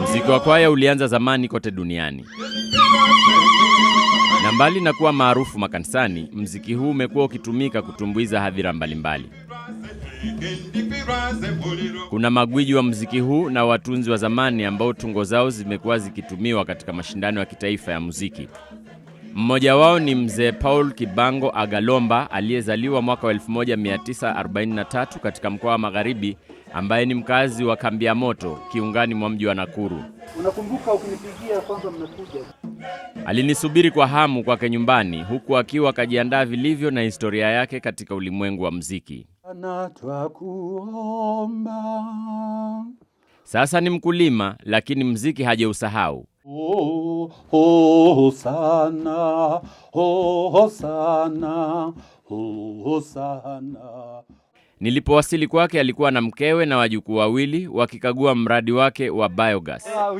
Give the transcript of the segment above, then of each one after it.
Muziki wa kwaya ulianza zamani kote duniani, na mbali na kuwa maarufu makanisani, mziki huu umekuwa ukitumika kutumbuiza hadhira mbalimbali. Kuna magwiji wa mziki huu na watunzi wa zamani ambao tungo zao zimekuwa zikitumiwa katika mashindano ya kitaifa ya muziki. Mmoja wao ni mzee Paul Kibango Agalomba aliyezaliwa mwaka wa 1943 katika mkoa wa Magharibi ambaye ni mkazi wa Kambia Moto kiungani mwa mji wa Nakuru. Unakumbuka ukinipigia kwanza mmekuja. Alinisubiri kwa hamu kwake nyumbani huku akiwa akajiandaa vilivyo na historia yake katika ulimwengu wa mziki. Sasa ni mkulima lakini mziki hajausahau. Oh. Hosanna, Hosana, Hosanna. Nilipowasili kwake alikuwa na mkewe na wajukuu wawili wakikagua mradi wake wa biogas. Ah,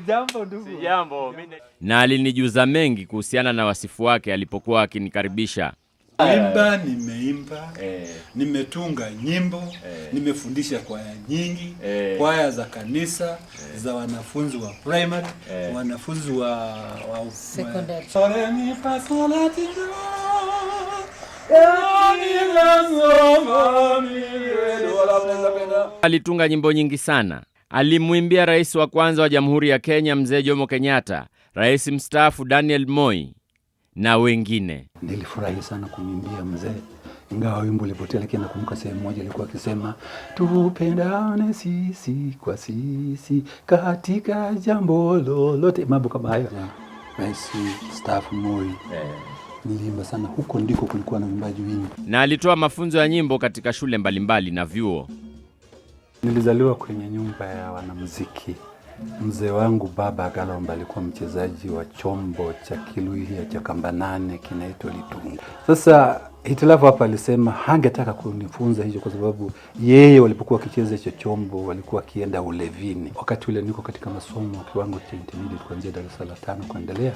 na alinijuza mengi kuhusiana na wasifu wake alipokuwa akinikaribisha. Eh. nimeimba nimeimba eh. nimetunga nyimbo eh, nimefundisha kwaya nyingi eh, kwaya za kanisa eh. za wanafunzi wa primary wanafunzi wa, wa secondary. Alitunga nyimbo nyingi sana. Alimwimbia rais wa kwanza wa Jamhuri ya Kenya Mzee Jomo Kenyatta, rais mstaafu Daniel Moi na wengine. Nilifurahi sana kumwimbia mzee, ingawa wimbo ulipotea, lakini nakumbuka sehemu moja alikuwa akisema tupendane sisi kwa sisi katika jambo lolote, mambo kama hayo. Rais staafu Moi eh. niliimba sana, huko ndiko kulikuwa na uimbaji wingi, na alitoa mafunzo ya nyimbo katika shule mbalimbali na vyuo. Nilizaliwa kwenye nyumba ya wanamuziki Mzee wangu baba Kalomba alikuwa mchezaji wa chombo cha kiluhia cha kambanane kinaitwa litungu. Sasa hitilafu hapa alisema hangetaka kunifunza hicho kwa sababu yeye walipokuwa wakicheza hicho chombo walikuwa wakienda ulevini. Wakati ule niko katika masomo kiwango cha intermediate kuanzia darasa la tano kuendelea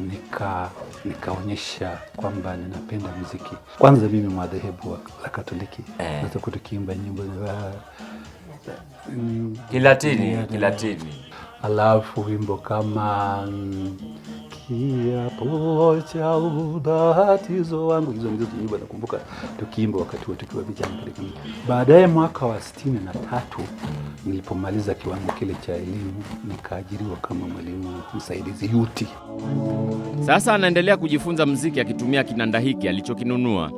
nika nikaonyesha kwamba ninapenda muziki. Kwanza mimi mwadhehebu la Katoliki eh, natoka tukiimba nyimbo za Kilatini Kilatini, alafu wimbo kama mm, Sikia pocha ubatizo wangu. Hizo ndizo nyimbo nakumbuka tukiimba wakati huo tukiwa vijana katika mji. Baadaye mwaka wa sitini na tatu nilipomaliza kiwango kile cha elimu nikaajiriwa kama mwalimu msaidizi yuti. Sasa anaendelea kujifunza mziki akitumia kinanda hiki alichokinunua.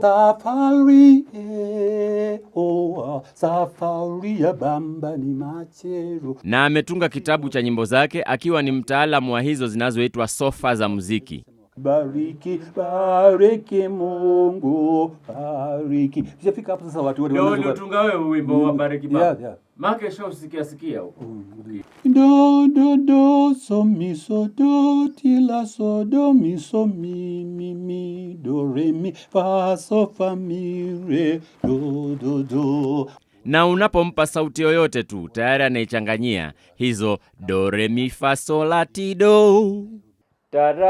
Safari eh, macheo, safari ya bamba ni macheo. Na ametunga kitabu cha nyimbo zake akiwa ni mtaalamu wa hizo zinazoitwa sofa za muziki. Bariki, bariki Mungu, bariki. Sijafika hapo sasa watu wote. Ndio ndio tungawe wimbo wa bariki Baba. Yeah, yeah. Make show sikia sikia huko. Mm, do do do so mi so do ti la so do mi so mi mi mi do re mi fa so fa mi re do do do. Na unapompa sauti yoyote tu tayari anaichanganyia hizo do re mi fa so la ti do. Kabla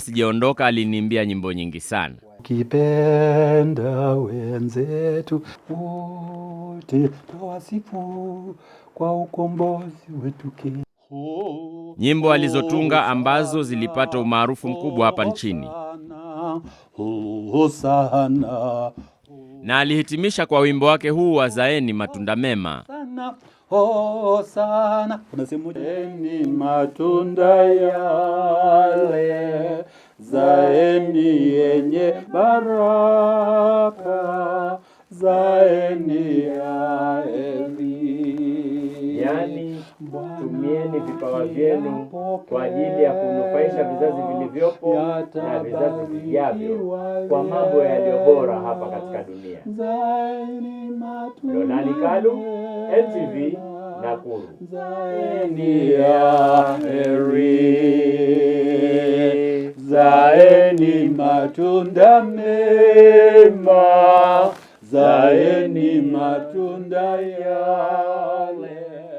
sijaondoka aliniimbia nyimbo nyingi sana. Kipenda wenzetu wote tawasifu kwa ukombozi wetu nyimbo alizotunga ambazo zilipata umaarufu mkubwa hapa nchini, na alihitimisha kwa wimbo wake huu wa zaeni matunda mema Zaeni matunda yale, zaeni yenye baraka, zaeni ya Yani Tumieni vipawa vyenu kwa ajili ya kunufaisha vizazi vilivyopo na vizazi vijavyo kwa mambo yaliyo bora hapa katika dunia. Donani Kalu, NTV Nakuru. Heri zaeni matunda mema, zaeni matunda yale